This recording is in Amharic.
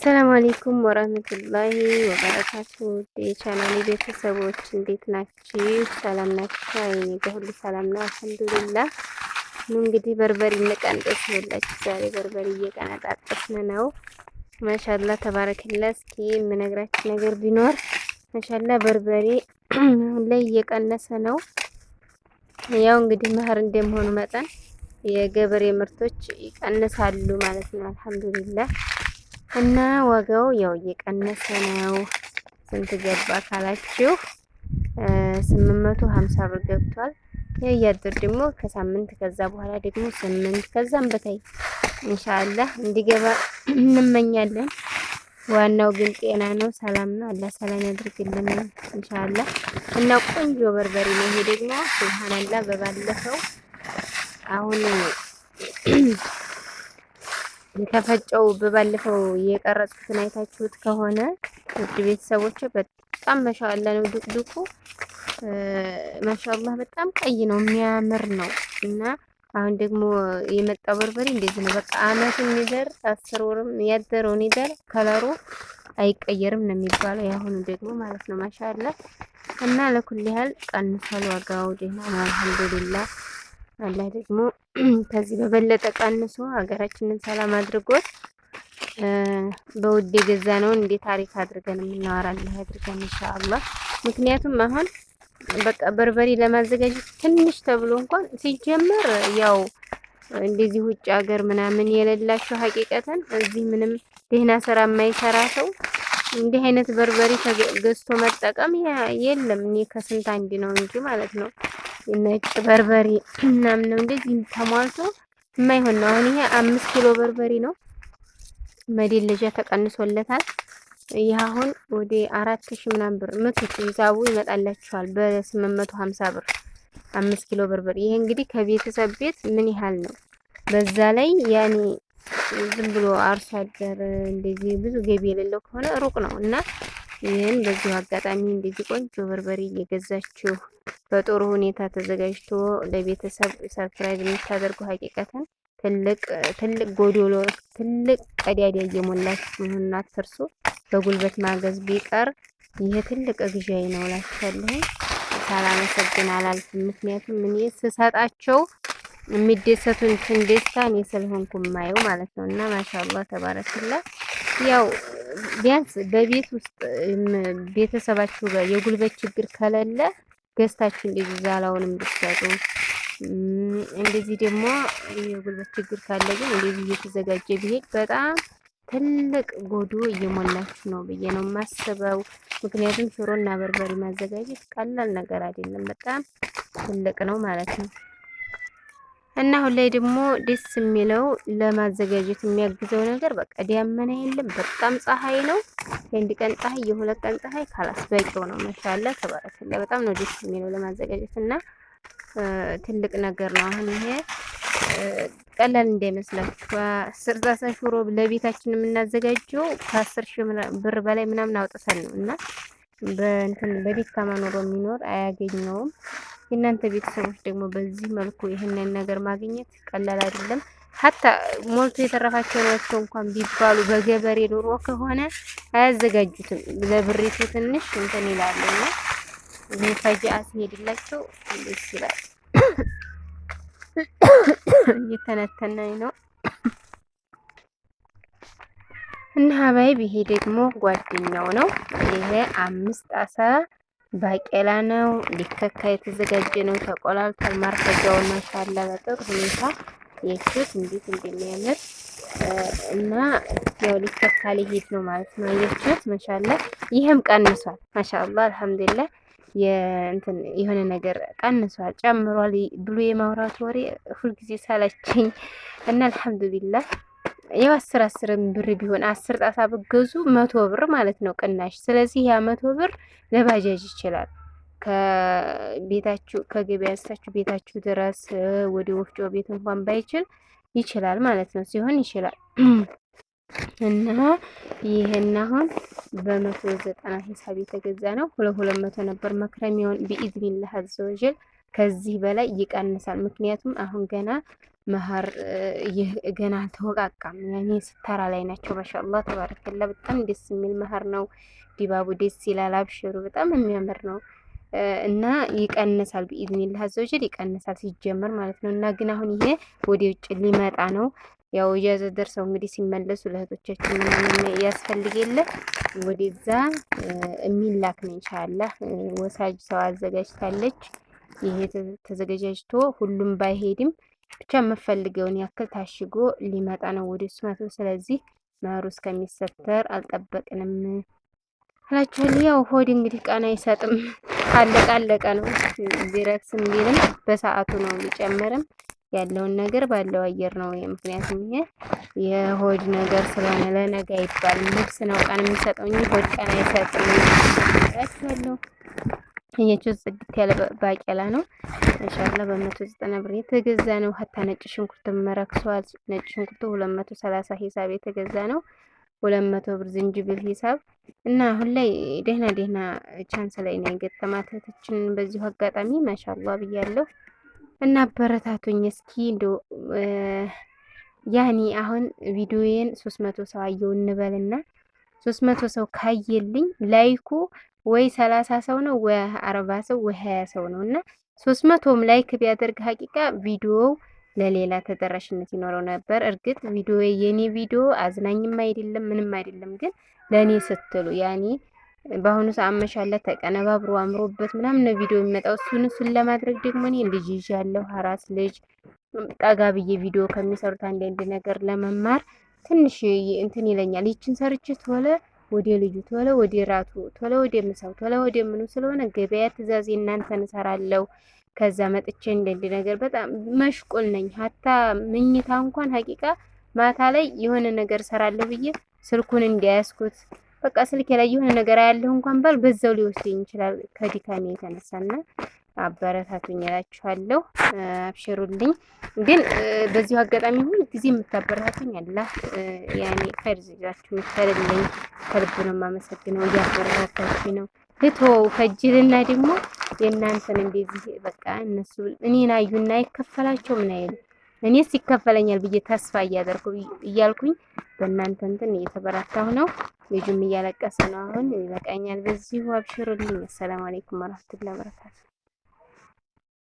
አሰላሙ አሌይኩም ወረህመቱላሂ ወበረካቱ የቻናሌ ቤተሰቦች እንዴት ናችሁ? ሰላም ናችሁ? እኔ ጋር ሰላም ነው አልሐምዱሊላህ። እንግዲህ በርበሬ እንቀንጠስ ይኸውላችሁ፣ ዛሬ በርበሬ እየቀነጣጠስን ነው። ማሻላ ተባረክላ። እስኪ የምነግራችሁ ነገር ቢኖር ማሻላ በርበሬ ላይ እየቀነሰ ነው። ያው እንግዲህ መኸር እንደመሆኑ መጠን የገበሬ ምርቶች ይቀንሳሉ ማለት ነው። አልሐምዱሊላህ እና ዋጋው ያው እየቀነሰ ነው። ስንት ገባ ካላችሁ 850 ብር ገብቷል። የአየር ደግሞ ከሳምንት ከዛ በኋላ ደግሞ ስምንት ከዛም በታይ ኢንሻአላህ እንዲገባ እንመኛለን። ዋናው ግን ጤና ነው፣ ሰላም ነው። አላህ ሰላም ያድርግልን ኢንሻአላህ። እና ቆንጆ በርበሬ ነው ይሄ ደግሞ ሱብሃንአላህ። በባለፈው አሁን የተፈጨው በባለፈው የቀረጽኩትን አይታችሁት ከሆነ ውድ ቤተሰቦች በጣም መሻላ ነው። ዱቅዱቁ ማሻአላህ በጣም ቀይ ነው፣ የሚያምር ነው እና አሁን ደግሞ የመጣው በርበሬ እንደዚህ ነው። በቃ አመት የሚደር አስር ወርም ያደረውን ይደር ከለሩ አይቀየርም ነው የሚባለው። ያሁኑ ደግሞ ማለት ነው ማሻአላህ እና ለኩል ያህል ቀንሷል ዋጋው ደህና ነው አልሐምዱሊላህ። አላህ ደግሞ ከዚህ በበለጠ ቀንሶ ሀገራችንን ሰላም አድርጎት በውድ የገዛ ነው እንዴ ታሪክ አድርገን የምናወራ አድርገን ኢንሻአላህ። ምክንያቱም አሁን በቃ በርበሬ ለማዘጋጀት ትንሽ ተብሎ እንኳን ሲጀመር ያው እንደዚህ ውጭ ሀገር ምናምን የሌላቸው ሀቂቀተን እዚህ ምንም ደህና ስራ የማይሰራ ሰው እንዲህ አይነት በርበሬ ገዝቶ መጠቀም የለም። እኔ ከስንት አንድ ነው እንጂ ማለት ነው። ነጭ በርበሬ ምናምን ነው እንደዚህ ተሟልቶ የማይሆን ነው። አሁን ይሄ አምስት ኪሎ በርበሬ ነው መደለጃ ተቀንሶለታል። ይህ አሁን ወደ አራት ሺ ምናምን ብር ምቱት ሂሳቡ ይመጣላችኋል በስምንት መቶ ሀምሳ ብር አምስት ኪሎ በርበሬ። ይሄ እንግዲህ ከቤተሰብ ቤት ምን ያህል ነው? በዛ ላይ ያኔ ዝም ብሎ አርሶ አደር እንደዚህ ብዙ ገቢ የሌለው ከሆነ ሩቅ ነው እና ይህን በዚሁ አጋጣሚ እንደዚህ ቆንጆ በርበሬ እየገዛችሁ በጥሩ ሁኔታ ተዘጋጅቶ ለቤተሰብ ሰርፕራይዝ የምታደርገው ሀቂቀትን ትልቅ ትልቅ ጎዶሎ ትልቅ ቀዳዳ እየሞላች መሆኑን አትርሱ። በጉልበት ማገዝ ቢቀር ይሄ ትልቅ ግዣይ ነው እላችኋለሁ። ሳላመሰግን አላልፍም። ምክንያቱም እኔ ስሰጣቸው የሚደሰቱን ደስታ እኔ ስለሆንኩ የማየው ማለት ነው። እና ማሻአላህ ተባረክላ። ያው ቢያንስ በቤት ውስጥ ቤተሰባችሁ ጋር የጉልበት ችግር ከሌለ ገዝታችሁ እንደዚህ ዛላውንም ብትሰጡ እንደዚህ ደግሞ የጉልበት ችግር ካለ ግን እንደዚህ እየተዘጋጀ ቢሄድ በጣም ትልቅ ጎዶ እየሞላችሁ ነው ብዬ ነው የማስበው። ምክንያቱም ሽሮና በርበሬ ማዘጋጀት ቀላል ነገር አይደለም፣ በጣም ትልቅ ነው ማለት ነው። እና አሁን ላይ ደግሞ ደስ የሚለው ለማዘጋጀት የሚያግዘው ነገር በቃ ዳመና የለም፣ በጣም ፀሐይ ነው። የአንድ ቀን ፀሐይ የሁለት ቀን ፀሐይ ካላስ በቂው ነው። መሻለ ተባረከለ። በጣም ነው ደስ የሚለው ለማዘጋጀት እና ትልቅ ነገር ነው። አሁን ይሄ ቀላል እንዳይመስላችሁ አስር ጣሳ ሽሮ ለቤታችን የምናዘጋጀው ከአስር ሺህ ብር በላይ ምናምን አውጥተን ነው እና በእንትን በዲካማ ኑሮ የሚኖር አያገኘውም። የእናንተ ቤተሰቦች ደግሞ በዚህ መልኩ ይህንን ነገር ማግኘት ቀላል አይደለም። ሀታ ሞልቶ የተረፋቸው ናቸው እንኳን ቢባሉ በገበሬ ዶሮ ከሆነ አያዘጋጁትም። ለብሪቱ ትንሽ እንትን ይላሉ ፈጅአ ሲሄድላቸው ደስ ይላል። እየተነተናኝ ነው እና ሀባይብ ይሄ ደግሞ ጓደኛው ነው። ይሄ አምስት አሳ ባቄላ ነው ሊከካ የተዘጋጀ ነው። ተቆላልቷል። ማርፈጃውን ማሻላ በጥሩ ሁኔታ ያችሁት እንዴት እንደሚያምር እና ያው ሊፈታ ሊሄድ ነው ማለት ነው። ያችሁት ማሻአላ ይህም ቀንሷል። ማሻአላ አልሐምዱሊላህ የእንትን የሆነ ነገር ቀንሷል ጨምሯል ብሎ የማውራት ወሬ ሁልጊዜ ሳላችኝ እና አልሐምዱሊላህ ያው አስር አስር ብር ቢሆን አስር ጣሳ ብገዙ መቶ ብር ማለት ነው ቅናሽ። ስለዚህ ያ መቶ ብር ለባጃጅ ይችላል ከቤታችሁ ከገበያ ያሳችሁ ቤታችሁ ድረስ ወደ ወፍጮ ቤት እንኳን ባይችል ይችላል ማለት ነው ሲሆን ይችላል እና ይሄን አሁን በመቶ ዘጠና ሂሳብ የተገዛ ነው። ሁለት ሁለት መቶ ነበር መክረሚያውን ቢኢዝኒላህ አዘወጀል ከዚህ በላይ ይቀንሳል። ምክንያቱም አሁን ገና መሀር ገና አልተወቃቃም። ያኔ ስታራ ላይ ናቸው። ማሻአላህ ተባረከላ። በጣም ደስ የሚል መሀር ነው። ዲባቡ ደስ ይላል። አብሽሩ በጣም የሚያምር ነው። እና ይቀንሳል፣ ቢኢዝኒላህ አዘወጀል ይቀንሳል ሲጀመር ማለት ነው። እና ግን አሁን ይሄ ወደ ውጭ ሊመጣ ነው። ያው እያዘ ደርሰው እንግዲህ ሲመለሱ ለእህቶቻችን ምናምን ያስፈልግ የለ ወደዛ የሚላክ ነው። ኢንሻአላህ ወሳጅ ሰው አዘጋጅታለች። ይሄ ተዘጋጃጅቶ ሁሉም ባይሄድም ብቻ የምፈልገውን ያክል ታሽጎ ሊመጣ ነው ወደ ማለት ነው። ስለዚህ መኸሩ እስከሚሰተር አልጠበቅንም። እላችኋል። ያው ሆድ እንግዲህ ቀን አይሰጥም፣ አለቀ አለቀ ነው። ቢረክስም ቢልም በሰዓቱ ነው ቢጨምርም ያለውን ነገር ባለው አየር ነው። ምክንያቱም ይሄ የሆድ ነገር ስለሆነ ለነገ አይባልም። ልብስ ነው ቀን የሚሰጠው እንጂ ሆድ ቀን አይሰጥም። እላችኋለሁ። እኛቸው ጽድት ያለ ባቄላ ነው ኢንሻአላህ በመቶ ዘጠና ብር የተገዛ ነው። ሀታ ነጭ ሽንኩርት መረክሷል። ነጭ ሽንኩርቱ ሁለት መቶ ሰላሳ ሂሳብ የተገዛ ነው። ሁለት መቶ ብር ዝንጅብል ሂሳብ እና አሁን ላይ ደህና ደህና ቻንስ ላይ ነው የገጠማት እህታችን። በዚሁ አጋጣሚ ማሻላ ብያለሁ እና አበረታቱኝ እስኪ እንዶ ያኒ አሁን ቪዲዮዬን ሶስት መቶ ሰው አየው እንበልና ሶስት መቶ ሰው ካየልኝ ላይኩ ወይ ሰላሳ ሰው ነው ወይ አርባ ሰው ወይ ሀያ ሰው ነው እና ሶስት መቶም ላይክ ቢያደርግ ሀቂቃ ቪዲዮው ለሌላ ተደራሽነት ይኖረው ነበር። እርግጥ ቪዲዮ የኔ ቪዲዮ አዝናኝም አይደለም ምንም አይደለም፣ ግን ለእኔ ስትሉ ያኔ በአሁኑ ሰዓት መሻለት ተቀነባብሮ አምሮበት ምናምን ነው ቪዲዮ የሚመጣው። እሱን እሱን ለማድረግ ደግሞ እኔ ልጅ ያለው አራስ ልጅ ጠጋ ብዬ ቪዲዮ ከሚሰሩት አንዳንድ ነገር ለመማር ትንሽ እንትን ይለኛል። ይችን ሰርች ቶለ ወደ ልጁ ቶለ ወደ ራቱ ቶለ ወደ ምሳው ቶለ ወደ ምኑ ስለሆነ ገበያ ትእዛዝ እናንተን እሰራለሁ ከዛ መጥቼ እንደዲ ነገር በጣም መሽቁል ነኝ። ሀታ ምኝታ እንኳን ሀቂቃ ማታ ላይ የሆነ ነገር ሰራለሁ ብዬ ስልኩን እንዳያስኩት በቃ ስልኬ ላይ የሆነ ነገር አያለሁ እንኳን ባል በዛው ሊወስደኝ ይችላል ከድካሜ የተነሳና አበረታቱኝ እላችኋለሁ። አብሽሩልኝ። ግን በዚሁ አጋጣሚ ሁሉ ጊዜ የምታበረታቱኝ አላ ያኔ ፈርዝ ይዛችሁ የምትፈልልኝ ከልብ ነው የማመሰግነው። እያበረታታችሁ ነው ልተወው ከጅልና ደግሞ የእናንተን እንደዚህ በቃ እነሱ እኔን አዩና ይከፈላቸው ምን አይሉ እኔስ ይከፈለኛል ብዬ ተስፋ እያደረኩ እያልኩኝ በእናንተ እንትን እየተበረታሁ ነው። ልጁም እያለቀሰ ነው። አሁን ይበቃኛል። በዚሁ አብሽሩልኝ። አሰላሙ አለይኩም ወራህመቱላሂ ወበረካቱ